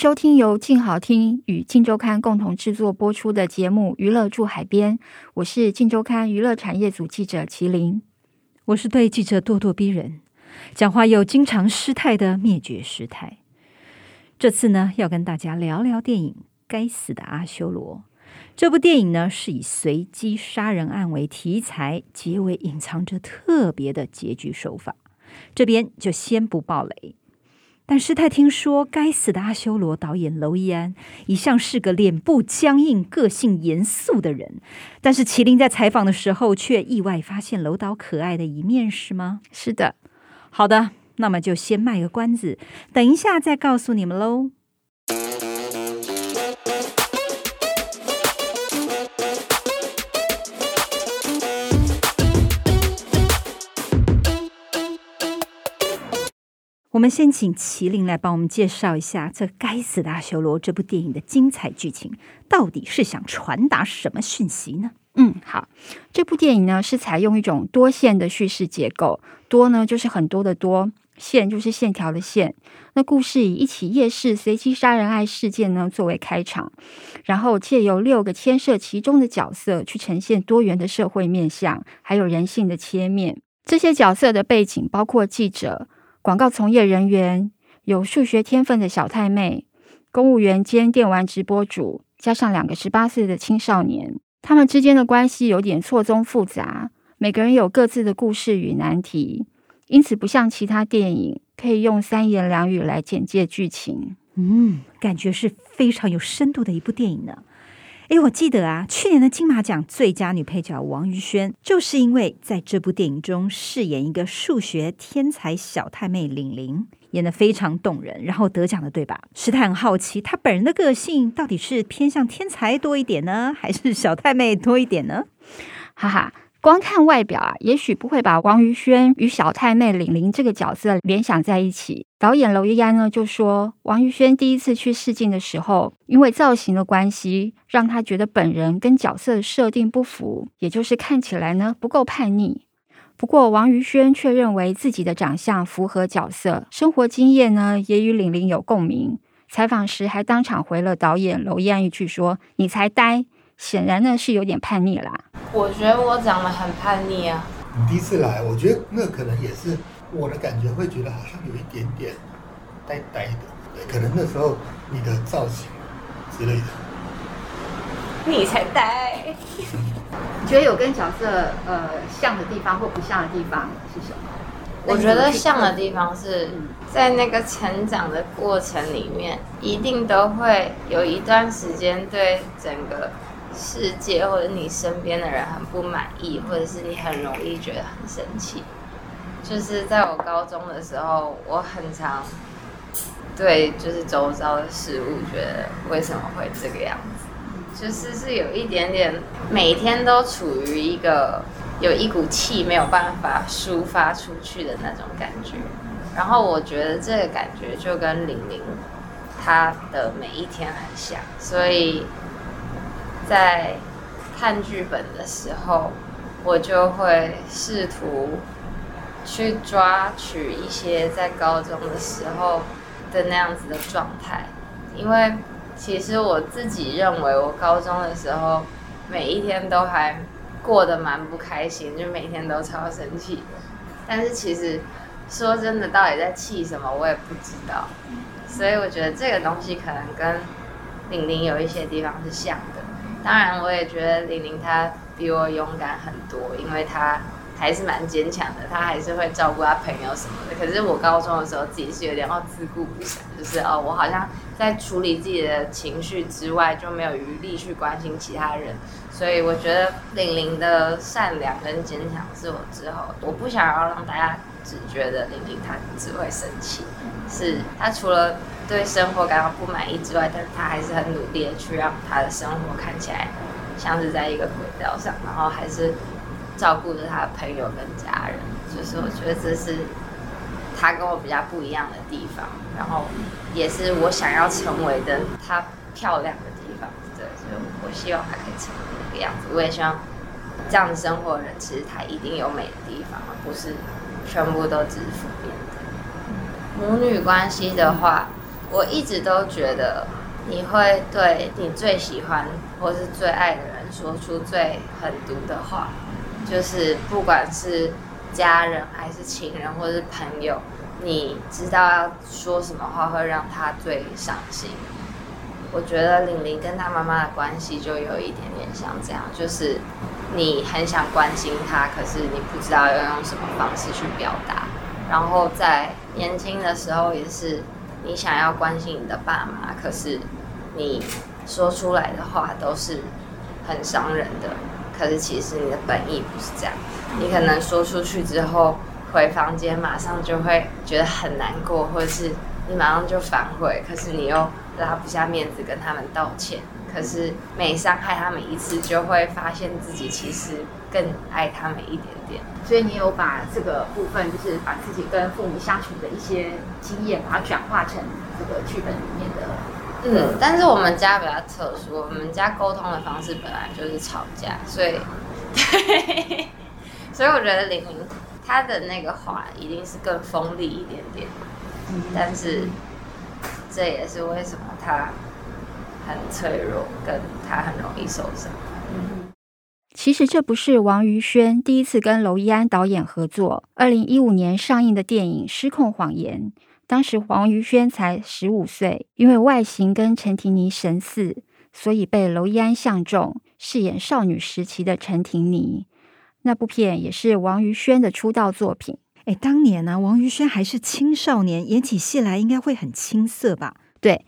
收聽由鏡好聽與鏡週刊共同製作播出的節目《娛樂駐海邊》，我是鏡週刊娛樂產業組記者麒麟。我是對記者咄咄逼人，講話又經常失態的滅絕師太。這次呢，要跟大家聊聊電影《該死的阿修羅》。這部電影呢，是以隨機殺人案為題材，結尾隱藏着特別的結局手法。這邊就先不爆雷。但師太聽說，該死的阿修羅導演樓一安一向是個臉部僵硬、個性嚴肅的人，但是麒麟在採訪的時候卻意外發現樓導可愛的一面，是嗎？是的。好的，那麼就先賣個關子，等一下再告訴你們嘍。我們先請麒麟來幫我們介紹一下《這該死的阿修羅》這部電影的精彩劇情，到底是想傳達什麼訊息呢？嗯，好，這部電影呢是採用一種多線的敘事結構，多呢就是很多的多，線就是線條的線。那故事以一起夜市隨機殺人案事件呢作為開場，然後借由六個牽涉其中的角色去呈現多元的社會面向，還有人性的切面。這些角色的背景包括記者。廣告從業人員、有數學天分的小太妹、公務員兼電玩直播主，加上兩個十八歲的青少年。他們之間的關係有點錯綜複雜，每個人有各自的故事與難題，因此不像其他電影可以用三言兩語來簡介劇情。嗯，感覺是非常有深度的一部電影呢。哎，我記得啊，去年的金馬獎最佳女配角王渝萱就是因為在這部電影中飾演一個數學天才小太妹玲玲，演得非常動人，然後得獎的，對吧？實在很好奇，她本人的個性到底是偏向天才多一點呢，還是小太妹多一點呢？哈哈。光看外表啊，也許不會把王渝萱與小太妹凜凜這個角色聯想在一起。導演樓一安呢就說，王渝萱第一次去試鏡的時候，因為造型的關係，讓他覺得本人跟角色的設定不符，也就是看起來呢不夠叛逆。不過王渝萱卻認為自己的長相符合角色，生活經驗呢也與凜凜有共鳴。採訪時還當場回了導演樓一安一句說：“你才呆。”顯然是有點叛逆啦。我覺得我長得很叛逆啊。你第一次來，我覺得那可能也是我的感覺，會覺得好像有一點點呆呆的。對，可能那時候你的造型之類的。你才呆。 覺得有跟角色呃像的地方或不像的地方是什麼？我覺得像的地方是、嗯、在那個成長的過程裡面，嗯、一定都會有一段時間對整個。世界或者你身邊的人很不滿意，或者是你很容易覺得很生氣。就是在我高中的時候，我很常對就是周遭的事物覺得為什麼會這個樣子，就是是有一點點每天都處於一個有一股氣沒有辦法抒發出去的那種感覺。然後我覺得這個感覺就跟玲玲她的每一天很像，所以。在看劇本的時候，我就會試圖去抓取一些在高中的時候的那樣子的狀態，因為其實我自己認為我高中的時候每一天都還過得蠻不開心，就每天都超生氣的。但是其實說真的，到底在氣什麼我也不知道，所以我覺得這個東西可能跟玲玲有一些地方是像的。當然，我也覺得玲玲她比我勇敢很多，因為她還是蠻堅強的，她還是會照顧她朋友什麼的。可是我高中的時候自己是有點要自顧不暇，就是哦，我好像在處理自己的情緒之外就沒有餘力去關心其他人。所以我覺得玲玲的善良跟堅強是我之後我不想要讓大家。只覺得玲玲她只會生氣，是她除了對生活感到不滿意之外，但是她還是很努力的去讓她的生活看起來像是在一個軌道上，然後還是照顧着她的朋友跟家人，就是我覺得這是她跟我比較不一樣的地方，然後也是我想要成為的她漂亮的地方，對，所以我希望她可以成為那個樣子，我也希望這樣的生活的人其實她一定有美的地方，而不是。全部都是負面的。母女關係的話，我一直都覺得你會對你最喜歡或是最愛的人說出最狠毒的話，就是不管是家人還是情人或是朋友，你知道要說什麼話會讓他最傷心。我覺得玲玲跟她媽媽的關係就有一點點像這樣，就是。你很想關心他，可是你不知道要用什麼方式去表達。然後在年輕的時候也是，你想要關心你的爸媽，可是你說出來的話都是很傷人的。可是其實你的本意不是這樣，你可能說出去之後，回房間馬上就會覺得很難過，或者是你馬上就反悔。可是你又拉不下面子跟他們道歉。可是每傷害他們一次，就會發現自己其實更愛他們一點點。所以你有把這個部分，就是把自己跟父母相處的一些經驗，把它轉化成這個劇本裡面的。嗯。嗯，但是我們家比較特殊，我們家溝通的方式本來就是吵架，所以，對 所以我覺得玲玲她的那個話一定是更鋒利一點點。嗯。但是、嗯、這也是為什麼他。很脆弱，跟他很容易受傷。嗯、其實這不是王渝萱第一次跟樓一安導演合作。二零一五年上映的電影《失控謊言》，當時王渝萱才十五歲，因為外形跟陳婷妮神似，所以被樓一安相中，飾演少女時期的陳婷妮。那部片也是王渝萱的出道作品。誒，當年呢、啊，王渝萱還是青少年，演起戲來應該會很青澀吧？對。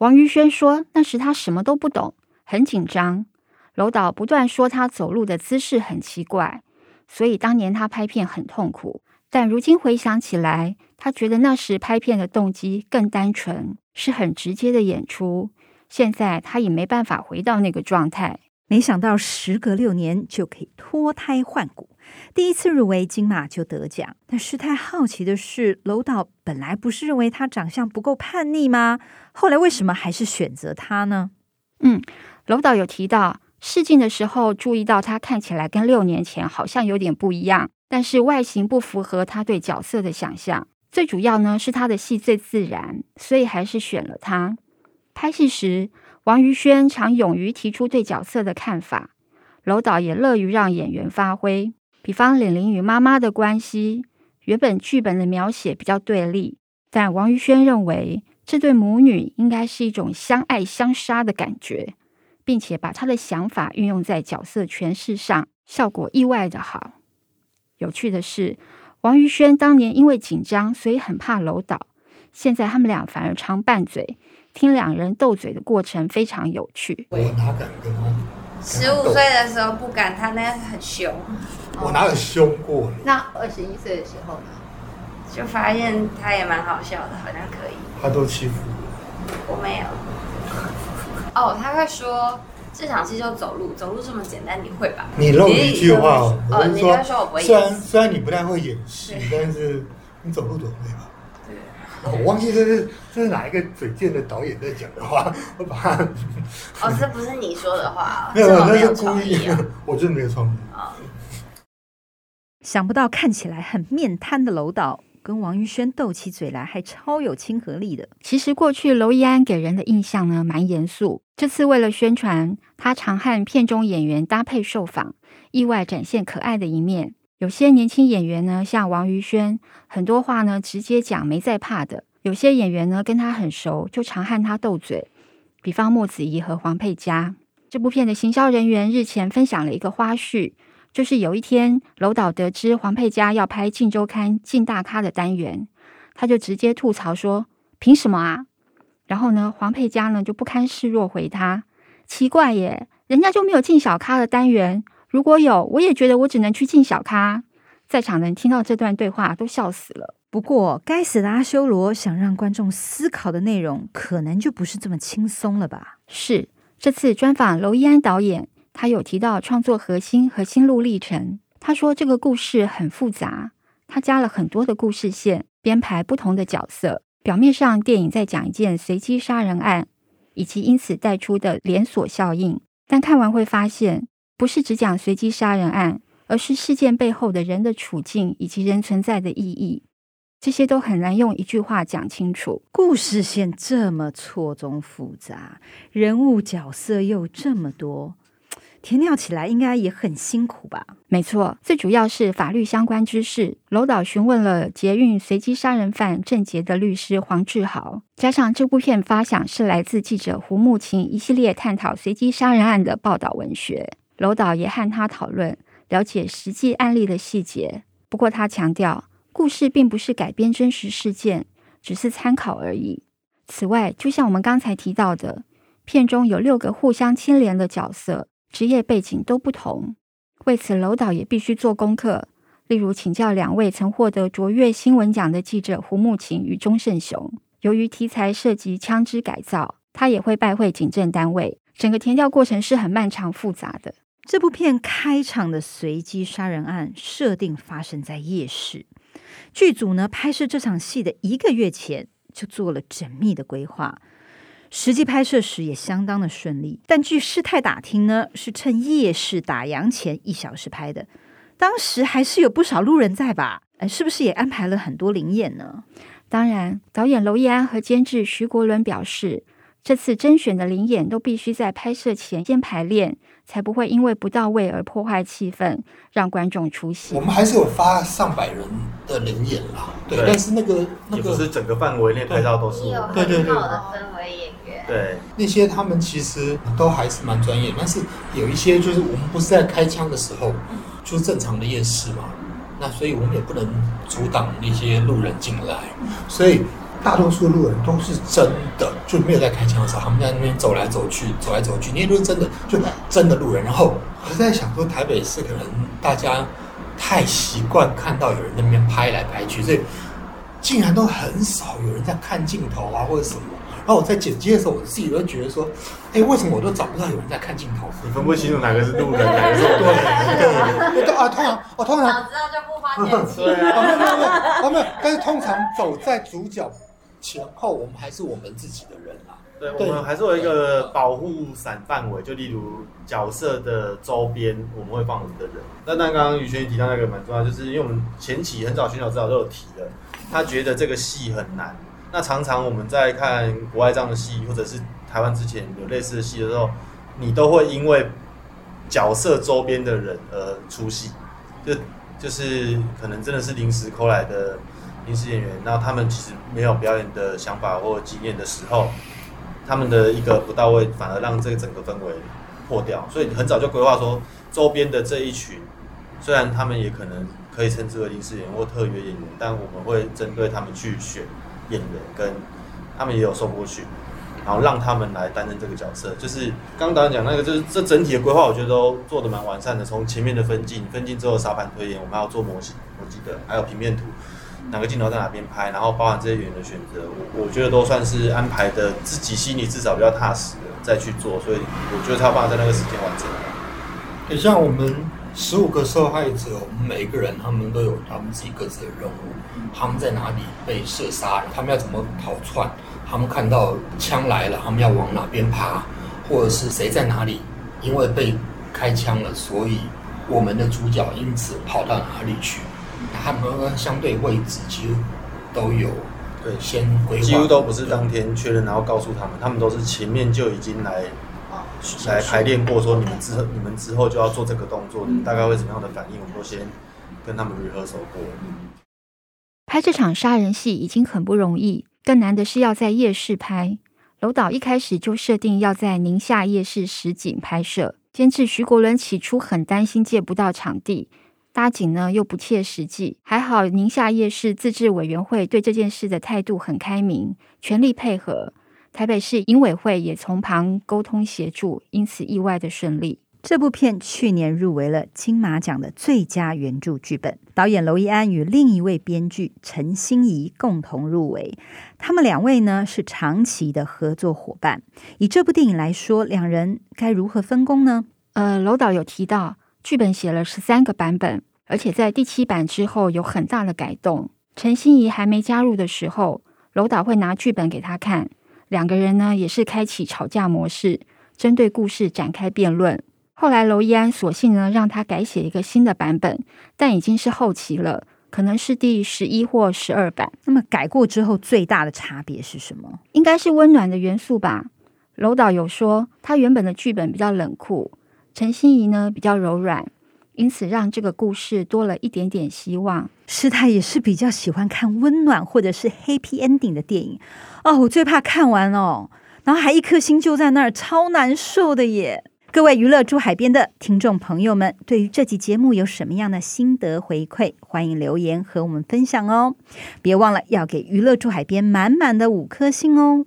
王渝萱說，那時他什麼都不懂，很緊張。樓導不斷說他走路的姿勢很奇怪，所以當年他拍片很痛苦。但如今回想起來，他覺得那時拍片的動機更單純，是很直接的演出。現在他也沒辦法回到那個狀態。沒想到時隔六年就可以脫胎換骨，第一次入圍金馬就得獎。但是太好奇的是，樓導本來不是認為他長相不夠叛逆嗎？後來為什麼還是選擇他呢？嗯，樓導有提到試鏡的時候注意到他看起來跟六年前好像有點不一樣，但是外形不符合他對角色的想象。最主要呢，是他的戲最自然，所以還是選了他。拍戲時，王渝萱常勇於提出對角色的看法，樓導也樂於讓演員發揮。比方，林玲與媽媽的關係，原本劇本的描寫比較對立，但王渝萱認為這對母女應該是一種相愛相殺的感覺，並且把他的想法運用在角色詮釋上，效果意外的好。有趣的是，王渝萱當年因為緊張，所以很怕樓導，現在他們倆反而常拌嘴。聽兩人鬥嘴的過程非常有趣。我哪敢跟他？十五歲的時候不敢，他那樣很凶。我哪有凶過？那二十一歲的時候呢？就發現他也蠻好笑的，好像可以。他都欺負我？我沒有。 哦，他會說這場戲就走路，走路這麼簡單，你會吧？你漏一句話哦。你應該的說,、呃、說我不會演？雖然雖然你不太會演戲，對但是你走路總會吧？對。我忘記這是。這是哪一個嘴賤的導演在講的話？我把他 哦，這不是你說的話，沒有，沒有意故意，啊、我真是沒有創意啊。嗯、想不到看起來很面癱的樓導，跟王渝萱鬥起嘴來還超有親和力的。其實過去樓一安給人的印象呢，蠻嚴肅。這次為了宣傳，他常和片中演員搭配受訪，意外展現可愛的一面。有些年輕演員呢，像王渝萱，很多話呢直接講，沒在怕的。有些演員呢跟他很熟，就常和他鬥嘴。比方莫子儀和黃佩嘉，這部片的行銷人員日前分享了一個花絮，就是有一天樓導得知黃佩嘉要拍《鏡週刊》鏡大咖的單元，他就直接吐槽說：“憑什麼啊？”然後呢，黃佩嘉呢就不甘示弱回他：“奇怪耶，人家就沒有鏡小咖的單元，如果有，我也覺得我只能去鏡小咖。”在場人聽到這段對話都笑死了。不過，該死的阿修羅想讓觀眾思考的內容，可能就不是這麼輕鬆了吧？是這次專訪樓一安導演，他有提到創作核心和心路歷程。他說這個故事很複雜，他加了很多的故事線，編排不同的角色。表面上，電影在講一件隨機殺人案以及因此帶出的連鎖效應，但看完會發現，不是只講隨機殺人案，而是事件背後的人的處境以及人存在的意義。這些都很難用一句話講清楚，故事線這麼錯綜複雜，人物角色又這麼多，田調起來應該也很辛苦吧？沒錯，最主要是法律相關知識。樓導詢問了捷運隨機殺人犯鄭捷的律師黃致豪，加上這部片發想是來自記者胡慕情一系列探討隨機殺人案的報道文學。樓導也和他討論了解實際案例的細節，不過他強調。故事並不是改編真實事件，只是參考而已。此外，就像我們剛才提到的，片中有六個互相牽連的角色，職業背景都不同。為此，樓導也必須做功課，例如請教兩位曾獲得卓越新聞獎的記者胡慕情與鍾聖雄。由於題材涉及槍支改造，他也會拜會警政單位。整個田調過程是很漫長複雜的。這部片開場的隨機殺人案設定發生在夜市。劇組呢，拍攝這場戲的一個月前就做了縝密的規劃，實際拍攝時也相當的順利。但據師太打聽呢，是趁夜市打烊前一小時拍的，當時還是有不少路人在吧？呃，是不是也安排了很多臨演呢？當然，導演樓一安和監製徐國倫表示。這次甄選的臨演都必須在拍攝前，先排練，才不會因為不到位而破壞氣氛，讓觀眾出戲。我們還是有發上百人的臨演啦，對，對，但是那個那個不是整個範圍內拍照都是，嗯、很的對對對，氛圍演員，對，那些他們其實都還是蠻專業，但是有一些就是我們不是在開槍的時候，就是正常的夜市嘛，那所以我們也不能阻擋那些路人進來，嗯、所以。大多數路人都是真的，就沒有在開槍的時候，他們在那邊走來走去，走來走去，那些都是真的，就真的路人。然後我在想說，台北市可能大家太習慣看到有人在那邊拍來拍去，所以竟然都很少有人在看鏡頭啊，或者什麼。然後我在剪輯的時候，我自己都覺得說，哎，為什麼我都找不到有人在看鏡頭？你分不清楚哪個是路人， 哪個是對。我 啊，通常我、啊、通常早知道就不發剪輯。嗯、對啊啊，啊沒有沒有啊沒有，但是通常走在主角。前後我們還是我們自己的人啦、啊，對，對我們還是有一個保護傘範圍，對就例如角色的周邊，我們會放我們的人。那那剛剛宇軒提到那個蠻重要，就是因為我們前期很早尋找之少都有提了，他覺得這個戲很難。嗯、那常常我們在看國外這樣的戲，或者是台灣之前有類似的戲的時候，你都會因為角色周邊的人而出戲，就就是可能真的是臨時摳來的。影視演員，那他們其實沒有表演的想法或經驗的時候，他們的一個不到位，反而讓這個整個氛圍破掉。所以很早就規劃說，周邊的這一群，雖然他們也可能可以稱之為影視演員或特約演員，但我們會針對他們去選演員，跟他們也有送過去，然後讓他們來擔任這個角色。就是剛剛導演講那個，就是這整體的規劃，我覺得都做得蠻完善的。從前面的分鏡，分鏡之後沙盤推演，我們還要做模型，我記得還有平面圖。哪個鏡頭在哪邊拍，然後包含這些演員的選擇，我我覺得都算是安排的，自己心裡至少比較踏實的再去做，所以我覺得他有辦法在那個時間完成了。等、嗯、像我們十五個受害者，我們每一個人他們都有他們自己各自的任務，他們在哪裡被射殺，他們要怎麼逃竄，他們看到槍來了，他們要往哪邊爬，或者是誰在哪裡因為被開槍了，所以我們的主角因此跑到哪裡去。他們相對位置其實都有對，先規劃幾乎都不是當天確認，對然後告訴他們，他們都是前面就已經來、啊、來排練過，說你們之後、嗯、你們之後就要做這個動作，你們大概會怎麼樣的反應，我們都先跟他們 rehearsal 過。拍這場殺人戲已經很不容易，更難的是要在夜市拍。樓導一開始就設定要在寧夏夜市實景拍攝，監製徐國倫起初很擔心借不到場地。搭景呢又不切實際，還好寧夏夜市自治委員會對這件事的態度很開明，全力配合。台北市影委會也從旁溝通協助，因此意外的順利。這部片去年入圍了金馬獎的最佳原著劇本，導演樓一安與另一位編劇陳欣怡共同入圍。他們兩位呢是長期的合作夥伴。以這部電影來說，兩人該如何分工呢？呃，婁導有提到。劇本寫了十三個版本，而且在第七版之後有很大的改動。陳心怡還沒加入的時候，樓導會拿劇本給她看，兩個人呢也是開啟吵架模式，針對故事展開辯論。後來樓一安索性呢讓她改寫一個新的版本，但已經是後期了，可能是第十一或十二版。那麼改過之後最大的差別是什麼？應該是溫暖的元素吧。樓導有說，他原本的劇本比較冷酷。陳心怡呢比較柔軟，因此讓這個故事多了一點點希望。師太也是比較喜歡看溫暖或者是 Happy Ending 的電影哦。我最怕看完哦，然後還一顆心就在那兒，超難受的耶。各位娛樂珠海邊的聽眾朋友們，對於這期節目有什麼樣的心得回饋，歡迎留言和我們分享哦。別忘了要給娛樂珠海邊滿滿的五顆星哦。